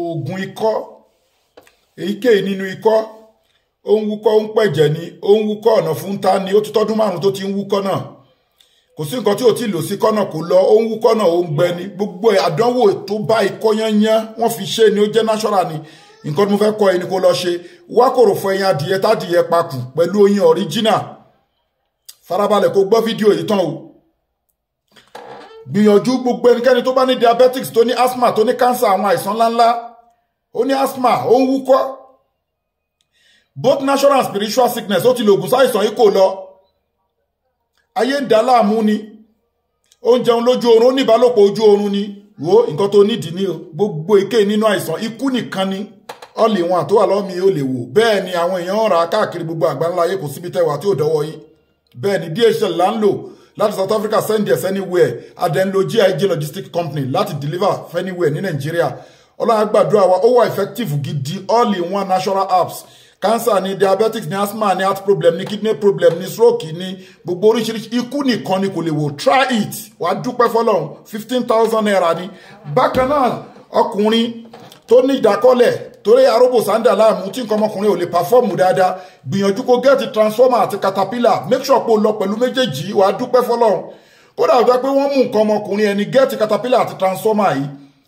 oògùn ikọ́ èyíkéyìí nínú ikọ́ ó ń wúkọ́ ń pẹ̀jẹ̀ ni ó ń wúkọ́ ọ̀nà fún ta ni ó ti tọ́dún márùn-ún tó ti ń wúkọ́ náà kò sí nǹkan tí ò ti lò sí kọ́nà kò lọ ó ń wúkọ́ náà ó ń gbẹ ni gbogbo àdánwò tó bá ikọ́ yányán wọ́n fi ṣe ni ó jẹ́ natural ni nǹkan tí mo fẹ́ kọ́ ẹni kó lọ ṣe wá kòrò fún ẹyin adìyẹ tádìyẹ pakù pẹ̀lú oyin ọ̀ríjínà farabalẹ̀ kó gbọ́ fídíò yìí tán o gbìyànjú gbogbo ẹnikẹ́ni tó bá ní diabetics tó ní asthma tó ní cancer àwọn àìsàn ńláńlá ó ní asthma ó ń wúkọ́ both natural and spiritual sickness ó ti lògùn sáìsàn yìí kò lọ ayé ń dá láàmú ni ó ń jẹun lójú oorun ó ní ìbálòpọ̀ ojú oorun ni wo nǹkan tó nídìí ní gbogbo èké nínú àìsàn ikú nìkan ni ọ̀lì wọn àtọ́wà lọ́mí ó lè wò bẹ́ẹ̀ ni àwọn èèyàn ń ra káàkiri gbogbo àgbáńlá ayé kò síbi tẹ́wà tí ò dọ́wọ́ yín bẹ́ẹ̀ ni DHL là ń lò láti South Africa send yes anywhere adenlo GIG logistics company láti deliver fẹ́niwẹ̀ ní Nàìjíríà ọlọ́run gbàdúrà wa ó wà effective gidi all in one natural apps cancer ni diabetics ni asthma ni heart problem ni kidney problem ni stroke ni gbogbo oríṣiríṣi ikú nìkan ni kò lè wò try it wàá dúpẹ́ fọlọ́run fifteen thousand naira ni bákan náà ọkùnrin tó ní ìdákọ́lẹ̀ torí arobo sanda láàmú tí nǹkan ọmọkùnrin ò lè pàfọ́ọ̀mù dáadáa gbìyànjú kó gẹ́ẹ̀tì transformer àti caterpillar make sure pé o lọ pẹ̀lú méjèèjì wàá dúpẹ́ fọlọ́run kódà ó dá pé wọ́n mú nǹkan ọmọkùnrin ẹni gẹ́ẹ̀tì caterpillar àti transformer yìí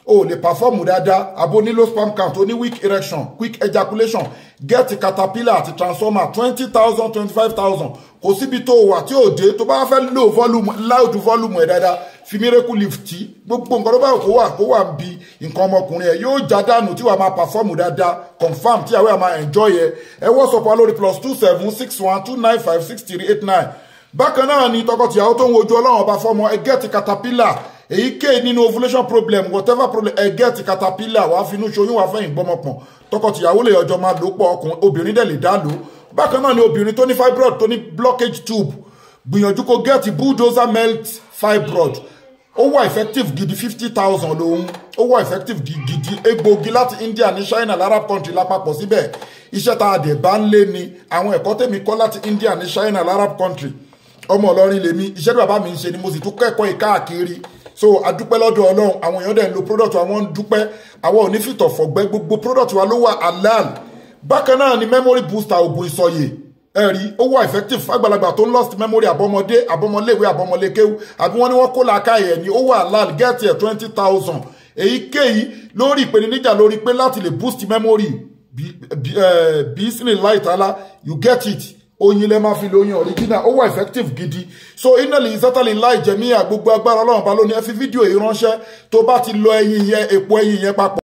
o lè pàfọ́ọ̀mù dáadáa abo nílò sperm count o weak erection quick ejaculation gẹ́ẹ̀tì caterpillar àti transformer twenty thousand twenty five thousand kò síbi tó wà tí ò dé tó bá fẹ́ lò volume loud volume ẹ̀ dáadáa fi miracle lift gbogbo nǹkan tó bá kó wà kó wà ń bi nǹkan ọmọkùnrin ẹ yóò já dànù tí wàá máa perform dáadáa confam tí àwọn àmà enjoy ẹ ẹ WhatsApp wa lórí plus two seven six one two nine five six three eight nine bákan náà ni tọkọtìyàwó tó ń wojú ọlọ́run ọba fọmọ ẹgẹ́ ti caterpillar èyíkéyìí nínú ovulation problem whatever problem ẹgẹ́ ti caterpillar wàá finú ṣoyún wàá fẹ́yìn gbọ́mọpọ̀n tọkọtìyàwó lè ọjọ́ máa lò pọ̀ ọkùnrin obìnrin dẹ̀ lè dá lò bákan náà ni obìnrin tó ní fibroid tó ní blockage tube gbìyànjú kó gẹ́ẹ̀tì bulldozer melt fibroid ó wà effective gidi fifty thousand lòun ó wà effective gidi egbògi láti India ní China larab country lápapọ̀ síbẹ̀ iṣẹ́ tá a dẹ̀ bá ń lé ni àwọn ẹ̀kọ́ tèmi kọ́ láti India ní China larab country ọmọ Ìlọrin lèmi iṣẹ́ tí bàbá mi ń ṣe ni mo sì tún kẹ́kọ̀ọ́ ìkáàkiri so adúpẹ́ lọ́dọ̀ Ọlọ́run àwọn èèyàn dẹ̀ ń lo product àwọn ń dúpẹ́ àwọn ò ní fìtọ̀ gbogbo product wa ló wà halal bákan náà ni memory booster ògùn ìsọyè ẹ̀rí ó effective fàgbàlagbà tó lost memory àbọ̀mọdé àbọ̀mọléwé àbọ̀mọlékéwú àbí wọ́n ní wọ́n kó làákàyè ẹ̀ ní ó wà láàlì gẹ́ẹ̀tì ẹ̀ twenty thousand èyíkéyìí lórí ìpèníjà lórí pé láti lè boost memory bí light. láìtàlá you get it oyin lẹ́ máa fi lo oyin original ó wà effective gidi so iná lè sátálì láì jẹ̀mí àgbogbo agbára ọlọ́run bá lónìí ẹ fi fídíò yìí ránṣẹ́ tó bá ti lọ ẹyin yẹn èpo ẹyin yẹn papọ̀.